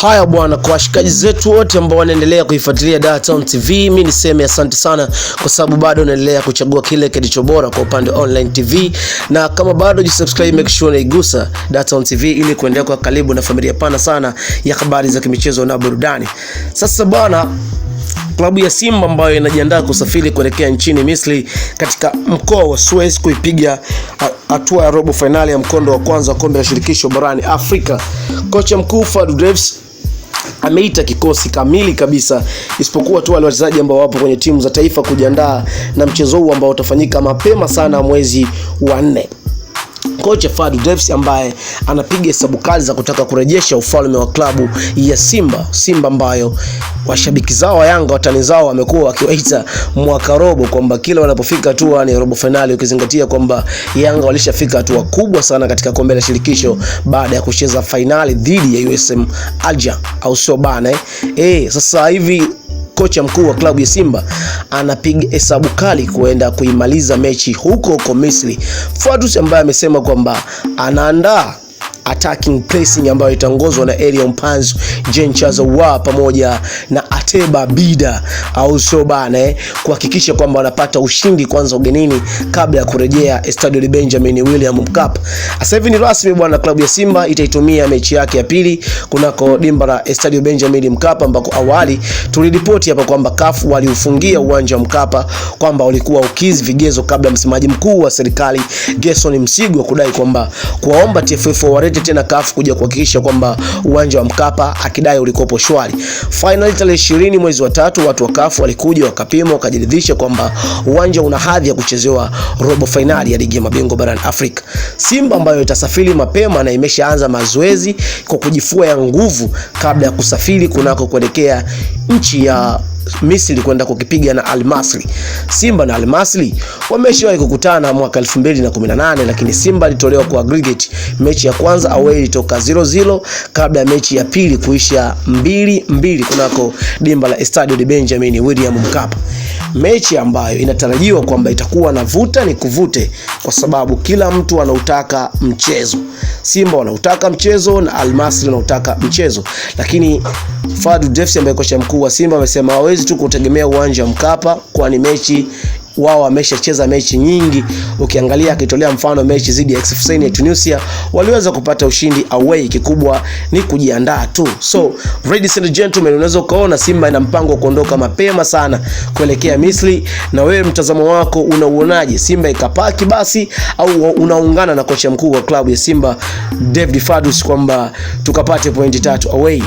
Haya bwana, kwa washikaji zetu wote ambao wanaendelea kuifuatilia Dar Town TV, mi niseme asante sana, kwa sababu bado unaendelea kuchagua kile kilicho bora kwa upande online TV, na kama bado jisubscribe, make sure unaigusa Dar Town TV ili kuendelea kwa karibu na familia pana sana ya habari za kimichezo na burudani. Sasa bwana klabu ya Simba ambayo inajiandaa kusafiri kuelekea nchini Misri katika mkoa wa Suez kuipiga hatua ya robo fainali ya mkondo wa kwanza wa kombe la shirikisho barani Afrika. Kocha mkuu Fadlu Davids ameita kikosi kamili kabisa isipokuwa tu wale wachezaji ambao wapo kwenye timu za taifa kujiandaa na mchezo huu ambao utafanyika mapema sana mwezi wa nne. Kocha Fadu Davis ambaye anapiga hesabu kali za kutaka kurejesha ufalme wa klabu ya Simba, Simba ambayo washabiki zao wa Yanga, watani zao wamekuwa wakiwaita mwaka robo, kwamba kila wanapofika hatua ni robo fainali, ukizingatia kwamba Yanga walishafika hatua kubwa sana katika kombe la shirikisho baada ya kucheza fainali dhidi ya USM Alger, au sio bana eh? Eh, sasa hivi kocha mkuu wa klabu ya Simba anapiga hesabu kali kuenda kuimaliza mechi huko huko Misri. Fadus ambaye amesema kwamba anaandaa attacking pressing ambayo itaongozwa na Elion Panzu, Jean Chazowa pamoja na Teba Bida, au sio bana kuhakikisha kwamba wanapata ushindi kwanza ugenini kabla ya kurejea Estadio de Benjamin William Mkapa. Sasa hivi ni rasmi bwana, klabu ya Simba itaitumia mechi yake ya pili kunako dimba la Estadio Benjamin Mkapa, ambako awali tuliripoti hapa kwamba CAF waliufungia uwanja wa Mkapa kwamba ulikuwa ukizi vigezo, kabla msemaji mkuu wa serikali Gerson Msigwa kudai kwamba kuwaomba TFF warete tena CAF kuja kuhakikisha kwamba uwanja wa Mkapa akidai ulikopo shwari. Finally tarehe ishirini mwezi wa tatu watu wa CAF walikuja wakapima wakajiridhisha kwamba uwanja una hadhi ya kuchezewa robo fainali ya ligi ya mabingwa barani Afrika. Simba ambayo itasafiri mapema na imeshaanza mazoezi kwa kujifua ya nguvu kabla ya kusafiri kunako kuelekea nchi ya Misri kwenda kukipiga na Al Masry. Simba na Al Masry wameshawahi kukutana mwaka 2018 lakini Simba alitolewa kwa aggregate. Mechi ya kwanza away ilitoka 0-0 kabla ya mechi ya pili kuisha 2-2 kunako dimba la Estadio de Benjamin William Mkapa mechi ambayo inatarajiwa kwamba itakuwa na vuta ni kuvute, kwa sababu kila mtu anautaka mchezo. Simba wanautaka mchezo na Almasri wanautaka mchezo, lakini Fadlu Davids ambaye kocha mkuu wa Simba amesema hawezi tu kutegemea uwanja wa Mkapa, kwani mechi wao wameshacheza mechi nyingi. Ukiangalia akitolea mfano mechi dhidi ya AS ya Tunisia waliweza kupata ushindi away, kikubwa ni kujiandaa tu. So ladies and gentlemen, unaweza ukaona Simba ina mpango wa kuondoka mapema sana kuelekea Misri, na wewe mtazamo wako unauonaje? Simba ikapaki basi au unaungana na kocha mkuu wa klabu ya Simba David Fadus kwamba tukapate pointi tatu away?